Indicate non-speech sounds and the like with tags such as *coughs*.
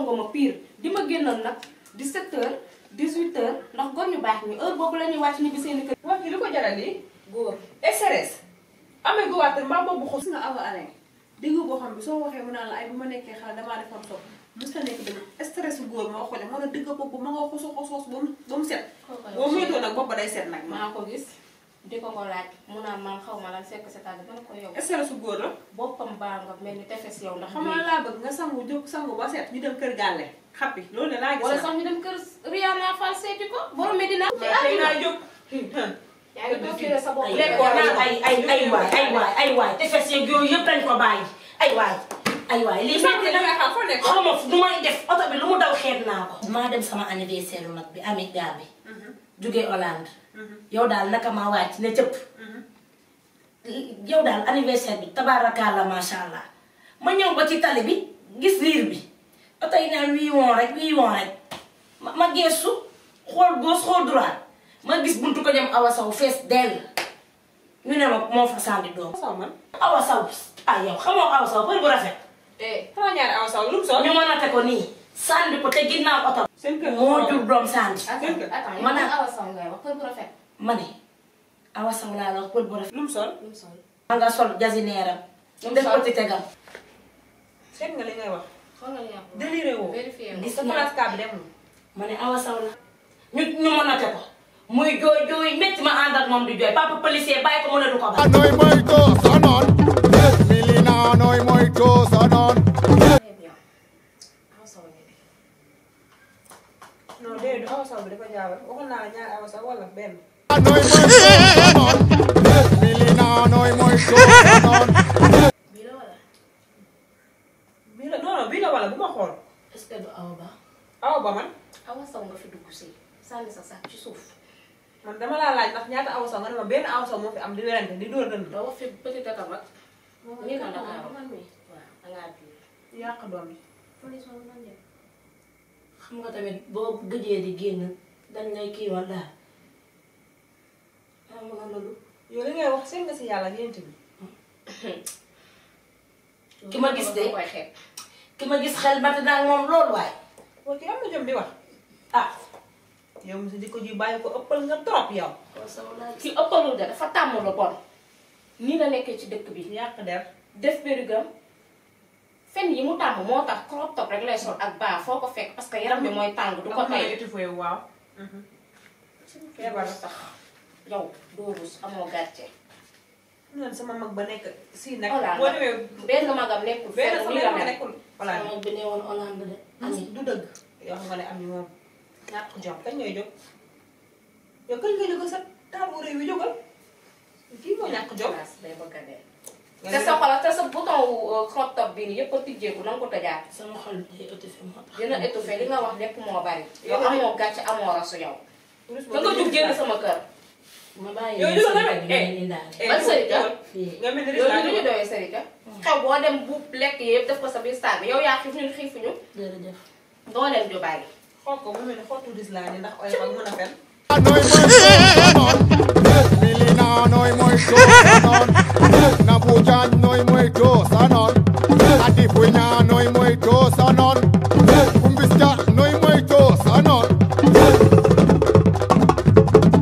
songo ma pire di ma génnoon nag 17h 18h ndax góor ñu baax ñi heure boobu la wàcc ñibbi seen i kër. wax ji li ko jaral yi góor SRS amee gu waat maa boobu xos nga awa alain dégg boo xam bi soo waxee mu naa la ay bu ma nekkee xale damaa defoon toog mos ta nekk dëgg stress góor ma wax ko de moo la dëgg bopp ma nga xosu xosoos ba mu ba mu set. boo nag bopp day set nag. maa ko gis. di ko ko laaj mu naan man xaw ma lan sekk sa tàgg dana ko yow. est su góor la. boppam baa nga mel ni tefes yow ndax. xam nga laa bëgg nga sangu jóg sangu ba set ñu dem kër gàlle xappi loolu laa gis. wala sax ñu dem kër Rihanna Fall seeti ko borom Medina. ci àdduna jóg. yaa ngi doog sa bopp ay ay ay waay ay waay ay waay tefes yeeg yooyu yëpp dañ ko bàyyi ay waay. aywa lii métti na xaw ma nu may def oto bi lu mu daw xeet naa ko. maa dem sama anniversaire nag bi Ami Gabi. Mhm. jóge Hollande. Mm-hmm. yow daal naka ma wàcc ne cëpp mm-hmm. yow daal anniversaire bi tabaarakaala macha allah ma ñëw ba ci tali bi gis liir bi oto yi naan wii woon rek wii woon rek ma ma geesu xool gauche xool droite ma gis buntu ko jëm Awa Sow fees ne ma moo fa sànni doom. Awa Sow ah yow xamoo Awa Sow bëri bu rafet. eh xamal ñaari Awa Sow lu mu sol. a teg ko nii. sànni ko te ginnaaw oto. seen kër moo jur doom sànni. seen ma ne Awa Sow ma ne Awa Sow la wax pël bu lu mu sol sol. ma nga sol jasineeram. lu mu sol def ko ci tegam. seet nga li ngay wax. xool nga li nga wax déliré woo. vérifié woo gis nga place bi demul. a te ko. muy jooy jooy métti ma ànd ak moom di jooy papa policier bàyyi ko mu ne du ko baax. nooy moytoo awa waxoon naa la ñaari awa sax wala benn. bii bii la non bu ma xool. est-ce ba. awa ba man. awa saw nga fi dugg si sànni sa saak ci suuf. man dama laa laaj ndax ñaata awa saw nga ne ma benn awa saw moo fi am di werante di dóor dënd. dama fi petit data mag. nii na la waaw dangaa biir. yàq doom yi. xam nga tamit boo gëjee di génn. dañ lay kii wala daal ah ngay wax seen nga si yàlla ak yéen *coughs* ki ma gis de ki ma gis xel bati naa moom loolu waaye. waaw ki am na di wax ah. yow monsieur Dikko ji bàyyi ko ëppal nga trop yow. ki ëppalul de dafa tàmm lu bon. nii la nekkee ci dëkk bi. yàq der def périgam fen yi mu tàmm moo tax crop top rek lay sol ak baa foo ko fekk parce que yaram bi mooy tàng. du ko tey waaw. feebar sax yow doo rus amoo gàcce. noonu sama mag ba nekk sii nag. boo demee benn magam nekkul. benn sama mag nekkul voilà sama mag bi ne woon Hollande de. ami du dëgg. yoo xam ne am na moom ñàkk jom kañ ñooy jóg yow kañ nga jóg sa taabu réew yi jógal kii moo ñàkk jom day bëgg a dee te sa xol te sa bouton xot euh, top bi nii yëpp a tijjeeku na nga ko tëjaat. sama xol day étouffé moo tax. dina étouffé li nga wax lépp moo bari. yow amoo gàcc amoo rasu yow. da nga jug génn sama kër. ma bàyyi yow dina ko demee ban Sarika. nga mel eh, eh, ni yow li ñu doyee Sarika. Hmm. xew boo dem bu lekk yëpp def ko sa biir saag bi yow yaa xiif ñun xiifuñu. jërëjëf doo leen ju bàyyi. xool ko ba mën a fen. Ah,